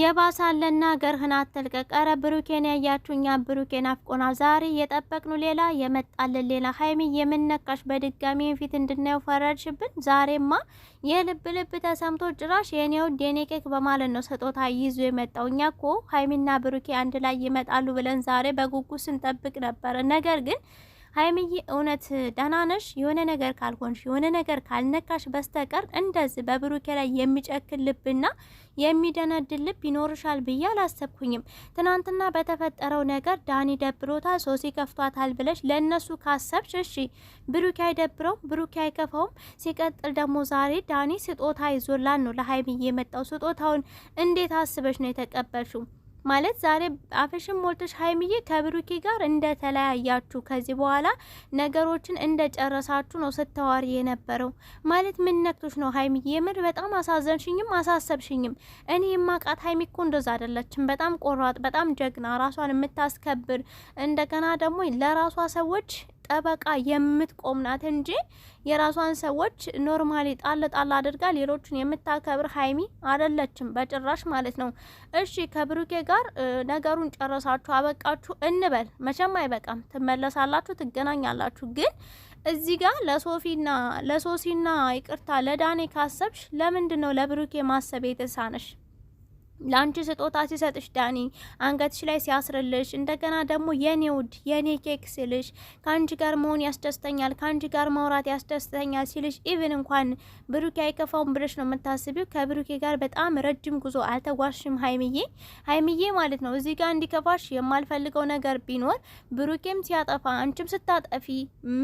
የባሳለና ገርህን አትልቀቅ። ኧረ ብሩኬን ያያችሁኛ፣ ብሩኬን አፍቆና ዛሬ የጠበቅኑ ሌላ የመጣልን ሌላ። ሀይሚ የምነካሽ በድጋሚ ፊት እንድናየው ፈረድሽብን። ዛሬማ የልብ ልብ ተሰምቶ ጭራሽ የኔው ዴኔኬክ በማለት ነው ስጦታ ይዞ የመጣው። እኛ ኮ ሀይሚና ብሩኬ አንድ ላይ ይመጣሉ ብለን ዛሬ በጉጉት ስንጠብቅ ነበር። ነገር ግን ሀይምዬ እውነት ደህና ነሽ? የሆነ ነገር ካልሆንሽ የሆነ ነገር ካልነካሽ በስተቀር እንደዚህ በብሩኬ ላይ የሚጨክል ልብና የሚደነድል ልብ ይኖርሻል ብዬ አላሰብኩኝም። ትናንትና በተፈጠረው ነገር ዳኒ ደብሮታል፣ ሶሲ ከፍቷታል ብለሽ ለእነሱ ካሰብሽ እሺ፣ ብሩኬ አይደብረውም፣ ብሩኬ አይከፈውም ሲቀጥል ደግሞ ዛሬ ዳኒ ስጦታ ይዞላን ነው ለሀይምዬ የመጣው። ስጦታውን እንዴት አስበሽ ነው የተቀበልሽው? ማለት ዛሬ አፍሽን ሞልተሽ ሀይሚዬ ከብሩኬ ጋር እንደተለያያችሁ ከዚህ በኋላ ነገሮችን እንደጨረሳችሁ ነው ስታዋሪ የነበረው። ማለት ምን ነክቶች ነው ሀይሚዬ? የምር በጣም አሳዘንሽኝም አሳሰብሽኝም። እኔ የማቃት ሀይሚ እኮ እንደዛ አይደለችም። በጣም ቆራጥ፣ በጣም ጀግና፣ ራሷን የምታስከብር እንደገና ደግሞ ለራሷ ሰዎች ጠበቃ የምትቆም ናት እንጂ የራሷን ሰዎች ኖርማሊ ጣል ጣል አድርጋ ሌሎችን የምታከብር ሀይሚ አደለችም፣ በጭራሽ ማለት ነው። እሺ ከብሩኬ ጋር ነገሩን ጨረሳችሁ አበቃችሁ እንበል። መቼም አይበቃም፣ ትመለሳላችሁ፣ ትገናኛላችሁ። ግን እዚህ ጋር ለሶፊና ለሶሲና ይቅርታ ለዳኔ ካሰብሽ ለምንድን ነው ለብሩኬ ማሰብ የተሳነሽ? ለአንቺ ስጦታ ሲሰጥሽ ዳኒ አንገትሽ ላይ ሲያስርልሽ፣ እንደገና ደግሞ የኔ ውድ የኔ ኬክ ሲልሽ፣ ከአንቺ ጋር መሆን ያስደስተኛል፣ ከአንቺ ጋር መውራት ያስደስተኛል ሲልሽ፣ ኢቭን እንኳን ብሩኬ አይከፋውም ብለሽ ነው የምታስቢው። ከብሩኬ ጋር በጣም ረጅም ጉዞ አልተጓሽም ሀይምዬ ሀይምዬ ማለት ነው። እዚህ ጋር እንዲከፋሽ የማልፈልገው ነገር ቢኖር ብሩኬም ሲያጠፋ አንቺም ስታጠፊ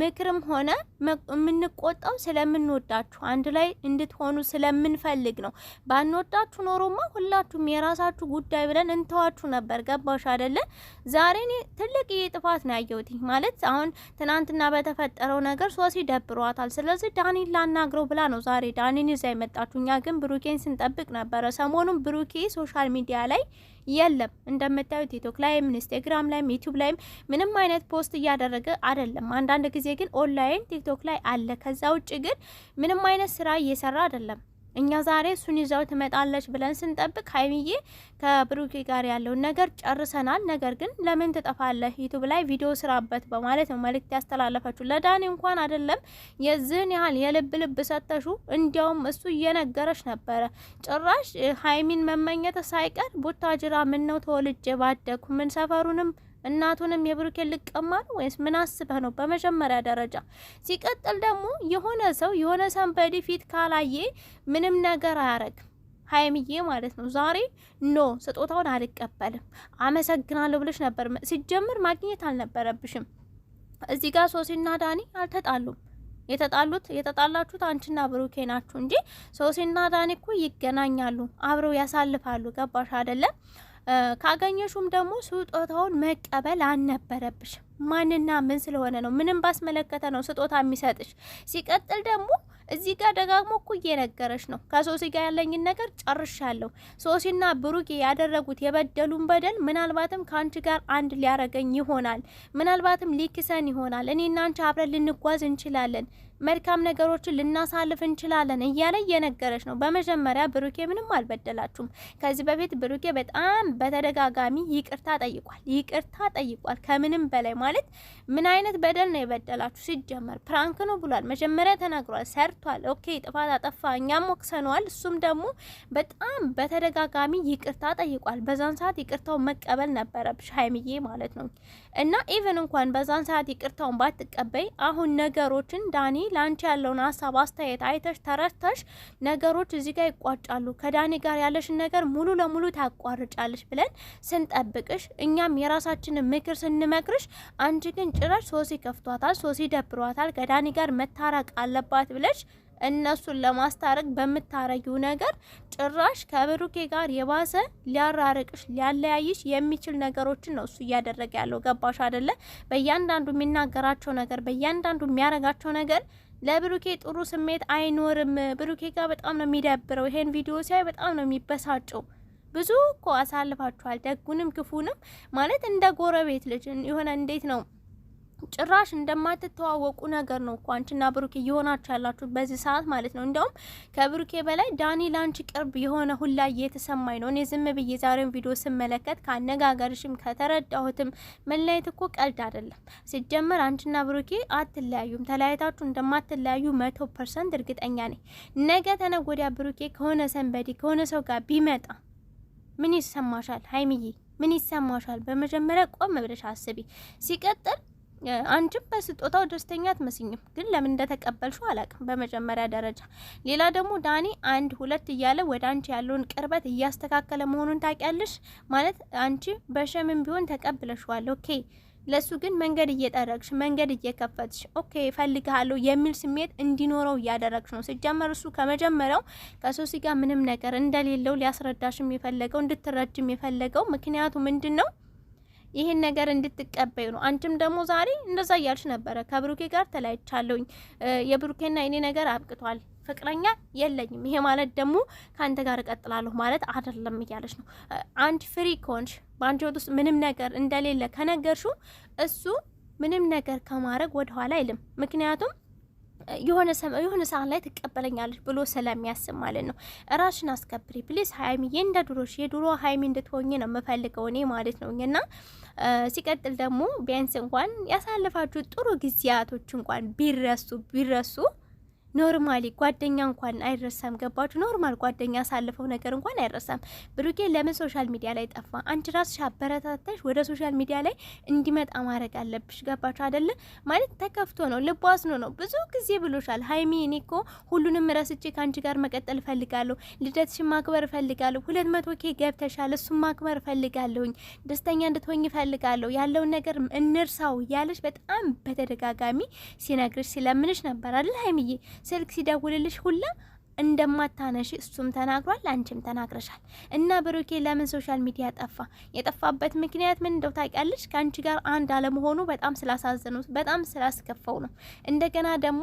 ምክርም ሆነ የምንቆጣው ስለምንወዳችሁ አንድ ላይ እንድትሆኑ ስለምንፈልግ ነው። ባንወዳችሁ ኖሮማ ሁላችሁም የራሳችሁ ጉዳይ ብለን እንተዋችሁ ነበር። ገባሽ አይደለ? ዛሬ እኔ ትልቅ ጥፋት ነው ያየሁት። ማለት አሁን ትናንትና በተፈጠረው ነገር ሶሲ ደብሯታል። ስለዚህ ዳኒን ላናግረው ብላ ነው ዛሬ ዳኒን ይዛ የመጣችሁ። እኛ ግን ብሩኬን ስንጠብቅ ነበረ። ሰሞኑን ብሩኬ ሶሻል ሚዲያ ላይ የለም እንደምታዩት ቲክቶክ ላይም ኢንስታግራም ላይም ዩቲዩብ ላይም ምንም አይነት ፖስት እያደረገ አይደለም። አንዳንድ ጊዜ ግን ኦንላይን ቲክቶክ ላይ አለ። ከዛ ውጭ ግን ምንም አይነት ስራ እየሰራ አይደለም። እኛ ዛሬ እሱን ይዛው ትመጣለች ብለን ስንጠብቅ ሀይሚዬ ከብሩኬ ጋር ያለውን ነገር ጨርሰናል። ነገር ግን ለምን ትጠፋለህ ዩቱብ ላይ ቪዲዮ ስራበት በማለት ነው መልእክት ያስተላለፈችው። ለዳኒ እንኳን አይደለም የዝህን ያህል የልብ ልብ ሰተሹ። እንዲያውም እሱ እየነገረች ነበረ። ጭራሽ ሀይሚን መመኘት ሳይቀር ቡታጅራ ምነው ተወልጄ ባደግኩ ምን ሰፈሩንም እናቱንም የብሩኬን ልቀማ ነው ወይስ ምን አስበህ ነው? በመጀመሪያ ደረጃ ሲቀጥል ደግሞ የሆነ ሰው የሆነ ሰንበዲ ፊት ካላየ ምንም ነገር አያረግም። ሀይምዬ ማለት ነው ዛሬ ኖ ስጦታውን አልቀበልም አመሰግናለሁ ብለሽ ነበር ሲጀምር ማግኘት አልነበረብሽም። እዚህ ጋር ሶሲና ዳኒ አልተጣሉም። የተጣሉት የተጣላችሁት አንቺና ብሩኬ ናችሁ እንጂ ሶሲና ዳኒ እኮ ይገናኛሉ፣ አብረው ያሳልፋሉ። ገባሽ አይደለም? ካገኘሹም ደግሞ ስጦታውን መቀበል አልነበረብሽም። ማንና ምን ስለሆነ ነው? ምንም ባስመለከተ ነው ስጦታ የሚሰጥሽ። ሲቀጥል ደግሞ እዚህ ጋር ደጋግሞ እኮ እየነገረች ነው። ከሶሲ ጋር ያለኝን ነገር ጨርሻለሁ። ሶሲና ብሩኬ ያደረጉት የበደሉን በደል ምናልባትም ከአንቺ ጋር አንድ ሊያረገኝ ይሆናል፣ ምናልባትም ሊክሰን ይሆናል። እኔና አንቺ አብረን ልንጓዝ እንችላለን መልካም ነገሮችን ልናሳልፍ እንችላለን እያለ እየነገረች ነው። በመጀመሪያ ብሩኬ ምንም አልበደላችሁም። ከዚህ በፊት ብሩኬ በጣም በተደጋጋሚ ይቅርታ ጠይቋል፣ ይቅርታ ጠይቋል። ከምንም በላይ ማለት ምን አይነት በደል ነው የበደላችሁ? ሲጀመር ፕራንክ ነው ብሏል፣ መጀመሪያ ተናግሯል፣ ሰርቷል። ኦኬ ጥፋት አጠፋ፣ እኛም ወቅሰነዋል። እሱም ደግሞ በጣም በተደጋጋሚ ይቅርታ ጠይቋል። በዛን ሰዓት ይቅርታው መቀበል ነበረብሽ ሀይሚዬ ማለት ነው። እና ኢቨን እንኳን በዛን ሰዓት ይቅርታውን ባትቀበይ አሁን ነገሮችን ዳኒ ለአንቺ ያለውን ሀሳብ አስተያየት አይተሽ ተረድተሽ ነገሮች እዚህ ጋር ይቋጫሉ፣ ከዳኒ ጋር ያለሽን ነገር ሙሉ ለሙሉ ታቋርጫለሽ ብለን ስንጠብቅሽ እኛም የራሳችንን ምክር ስንመክርሽ አንቺ ግን ጭራሽ ሶሲ ከፍቷታል፣ ሶሲ ደብሯታል፣ ከዳኒ ጋር መታረቅ አለባት ብለሽ እነሱን ለማስታረቅ በምታረጊው ነገር ጭራሽ ከብሩኬ ጋር የባሰ ሊያራርቅሽ ሊያለያይሽ የሚችል ነገሮችን ነው እሱ እያደረገ ያለው። ገባሽ አይደለ? በእያንዳንዱ የሚናገራቸው ነገር በእያንዳንዱ የሚያረጋቸው ነገር ለብሩኬ ጥሩ ስሜት አይኖርም። ብሩኬ ጋር በጣም ነው የሚደብረው። ይሄን ቪዲዮ ሲያይ በጣም ነው የሚበሳጨው። ብዙ እኮ አሳልፋችኋል፣ ደጉንም ክፉንም ማለት እንደ ጎረቤት ልጅ የሆነ እንዴት ነው ጭራሽ እንደማትተዋወቁ ነገር ነው እኮ አንቺና ብሩኬ እየሆናችሁ ያላችሁ በዚህ ሰዓት ማለት ነው። እንዲያውም ከብሩኬ በላይ ዳኒ ላንቺ ቅርብ የሆነ ሁላ እየተሰማኝ ነው። እኔ ዝም ብዬ ዛሬውን ቪዲዮ ስመለከት ከአነጋገርሽም ከተረዳሁትም መለየት እኮ ቀልድ አይደለም። ሲጀመር አንቺና ብሩኬ አትለያዩም። ተለያይታችሁ እንደማትለያዩ መቶ ፐርሰንት እርግጠኛ ነኝ። ነገ ተነጎዲያ ብሩኬ ከሆነ ሰንበዲ ከሆነ ሰው ጋር ቢመጣ ምን ይሰማሻል? ሀይምዬ ምን ይሰማሻል? በመጀመሪያ ቆም ብለሽ አስቢ። ሲቀጥል አንቺም በስጦታው ደስተኛ አትመስኝም፣ ግን ለምን እንደተቀበልሽው አላቅም። በመጀመሪያ ደረጃ ሌላ ደግሞ ዳኒ አንድ ሁለት እያለ ወደ አንቺ ያለውን ቅርበት እያስተካከለ መሆኑን ታውቂያለሽ። ማለት አንቺ በሸምም ቢሆን ተቀብለሽዋል። ኦኬ ለሱ ግን መንገድ እየጠረግሽ መንገድ እየከፈትሽ ኦኬ እፈልግሃለሁ የሚል ስሜት እንዲኖረው እያደረግሽ ነው። ሲጀመር እሱ ከመጀመሪያው ከሶሲ ጋር ምንም ነገር እንደሌለው ሊያስረዳሽም የፈለገው እንድትረጅም የፈለገው ምክንያቱ ምንድን ነው? ይህን ነገር እንድትቀበዩ ነው። አንቺም ደግሞ ዛሬ እንደዛ እያልሽ ነበረ፣ ከብሩኬ ጋር ተለያይቻለሁኝ፣ የብሩኬና የኔ ነገር አብቅቷል፣ ፍቅረኛ የለኝም፣ ይሄ ማለት ደግሞ ከአንተ ጋር እቀጥላለሁ ማለት አይደለም እያለች ነው። አንድ ፍሪ ከሆንሽ በአንቺ ህይወት ውስጥ ምንም ነገር እንደሌለ ከነገርሹ እሱ ምንም ነገር ከማድረግ ወደኋላ አይልም። ምክንያቱም የሆነ የሆነ ሰዓት ላይ ትቀበለኛለች ብሎ ስለሚያስብ ማለት ነው። ራሽን አስከብሪ ፕሊስ ሀይሚ፣ እንደ ድሮሽ የድሮ ሀይሚ እንድትሆኝ ነው የምፈልገው እኔ ማለት ነው። እና ሲቀጥል ደግሞ ቢያንስ እንኳን ያሳልፋችሁ ጥሩ ጊዜያቶች እንኳን ቢረሱ ቢረሱ ኖርማሊ ጓደኛ እንኳን አይረሳም። ገባችሁ? ኖርማል ጓደኛ ያሳለፈው ነገር እንኳን አይረሳም። ብሩኬ ለምን ሶሻል ሚዲያ ላይ ጠፋ? አንቺ ራስሽ አበረታተሽ ወደ ሶሻል ሚዲያ ላይ እንዲመጣ ማድረግ አለብሽ። ገባችሁ አደለ? ማለት ተከፍቶ ነው፣ ልቧ አዝኖ ነው። ብዙ ጊዜ ብሎሻል ሀይሚ፣ እኔ እኮ ሁሉንም ረስቼ ከአንቺ ጋር መቀጠል እፈልጋለሁ፣ ልደትሽን ማክበር እፈልጋለሁ፣ ሁለት መቶ ኬ ገብተሻል፣ እሱን ማክበር እፈልጋለሁኝ፣ ደስተኛ እንድትሆኝ እፈልጋለሁ፣ ያለውን ነገር እንርሳው እያለሽ በጣም በተደጋጋሚ ሲነግርሽ ሲለምንሽ ነበር አደለ ሀይሚዬ ስልክ ሲደውልልሽ ሁላ እንደማታነሺ እሱም ተናግሯል፣ አንቺም ተናግረሻል። እና ብሩኬ ለምን ሶሻል ሚዲያ ጠፋ? የጠፋበት ምክንያት ምን እንደው ታውቂያለሽ? ከአንቺ ጋር አንድ አለመሆኑ በጣም ስላሳዘኑ በጣም ስላስከፈው ነው። እንደገና ደግሞ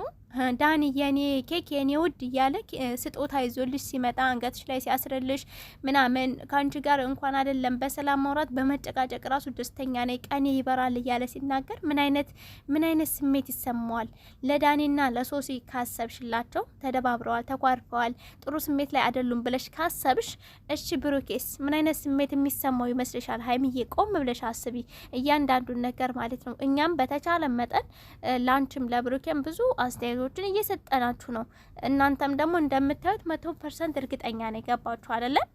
ዳኒ የኔ ኬክ የኔ ውድ እያለ ስጦታ ይዞልሽ ሲመጣ አንገትሽ ላይ ሲያስርልሽ ምናምን ከአንቺ ጋር እንኳን አይደለም በሰላም ማውራት በመጨቃጨቅ ራሱ ደስተኛ ነኝ ቀኔ ይበራል እያለ ሲናገር ምን አይነት ምን አይነት ስሜት ይሰማዋል? ለዳኒና ለሶሲ ካሰብሽላቸው ተደባብረዋል፣ ተኳር አልፈዋል፣ ጥሩ ስሜት ላይ አይደሉም ብለሽ ካሰብሽ እሺ፣ ብሩኬስ ምን አይነት ስሜት የሚሰማው ይመስልሻል? ሀይሚዬ ቆም ብለሽ አስቢ፣ እያንዳንዱን ነገር ማለት ነው። እኛም በተቻለ መጠን ላንችም ለብሩኬም ብዙ አስተያየቶችን እየሰጠናችሁ ነው። እናንተም ደግሞ እንደምታዩት መቶ ፐርሰንት እርግጠኛ ነው የገባችሁ አይደለም?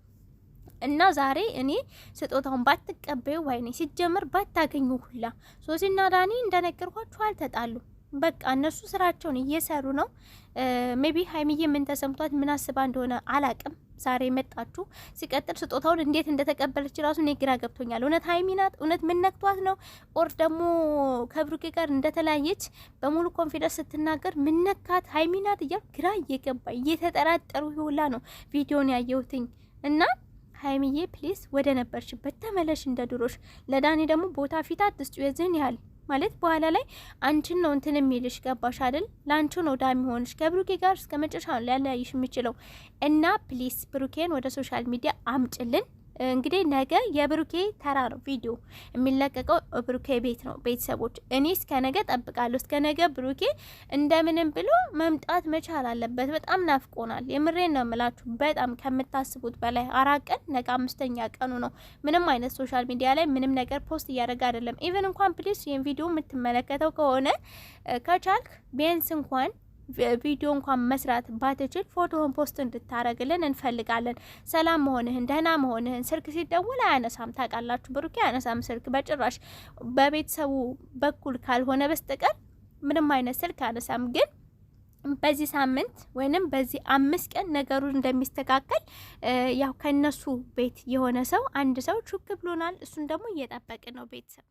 እና ዛሬ እኔ ስጦታውን ባትቀበዩ ወይኔ ሲጀምር ባታገኙ ሁላ ሶሲና ዳኒ እንደነገርኳችሁ አልተጣሉም። በቃ እነሱ ስራቸውን እየሰሩ ነው። ሜቢ ሀይሚዬ ምን ተሰምቷት ምን አስባ እንደሆነ አላቅም። ዛሬ መጣችሁ። ሲቀጥል ስጦታውን እንዴት እንደተቀበለች ራሱ እኔ ግራ ገብቶኛል። እውነት ሀይሚ ናት? እውነት ምን ነክቷት ነው? ኦር ደግሞ ከብሩኬ ጋር እንደተለያየች በሙሉ ኮንፊደንስ ስትናገር ምን ነካት? ሀይሚ ናት እያልኩ ግራ እየገባ እየተጠራጠሩ ይውላ ነው ቪዲዮን ያየሁትኝ እና ሀይሚዬ ፕሊስ ወደ ነበርሽበት ተመለሽ፣ እንደ ድሮሽ። ለዳኔ ደግሞ ቦታ ፊት አትስጩ የዝህን ያህል ማለት በኋላ ላይ አንቺን ነው እንትን የሚልሽ ገባሽ አይደል? ለአንቺ ነው ዳ የሚሆንሽ ከብሩኬ ጋር እስከ መጨረሻ ሊያለያይሽ የሚችለው እና ፕሊስ ብሩኬን ወደ ሶሻል ሚዲያ አምጭልን እንግዲህ ነገ የብሩኬ ተራ ነው ቪዲዮ የሚለቀቀው ብሩኬ ቤት ነው። ቤተሰቦች እኔ እስከ ነገ ጠብቃለሁ። እስከ ነገ ብሩኬ እንደምንም ብሎ መምጣት መቻል አለበት። በጣም ናፍቆናል። የምሬን ነው የምላችሁ፣ በጣም ከምታስቡት በላይ አራት ቀን ነገ አምስተኛ ቀኑ ነው። ምንም አይነት ሶሻል ሚዲያ ላይ ምንም ነገር ፖስት እያደረገ አይደለም። ኢቨን እንኳን ፕሊስ ይህን ቪዲዮ የምትመለከተው ከሆነ ከቻልክ ቢያንስ እንኳን ቪዲዮ እንኳን መስራት ባትችል ፎቶውን ፖስት እንድታረግልን እንፈልጋለን። ሰላም መሆንህን ደህና መሆንህን ስልክ ሲደውል አያነሳም። ታውቃላችሁ፣ ብሩኬ አያነሳም ስልክ በጭራሽ በቤተሰቡ በኩል ካልሆነ በስተቀር ምንም አይነት ስልክ አያነሳም። ግን በዚህ ሳምንት ወይንም በዚህ አምስት ቀን ነገሩ እንደሚስተካከል ያው ከነሱ ቤት የሆነ ሰው አንድ ሰው ሹክ ብሎናል። እሱን ደግሞ እየጠበቅ ነው ቤተሰብ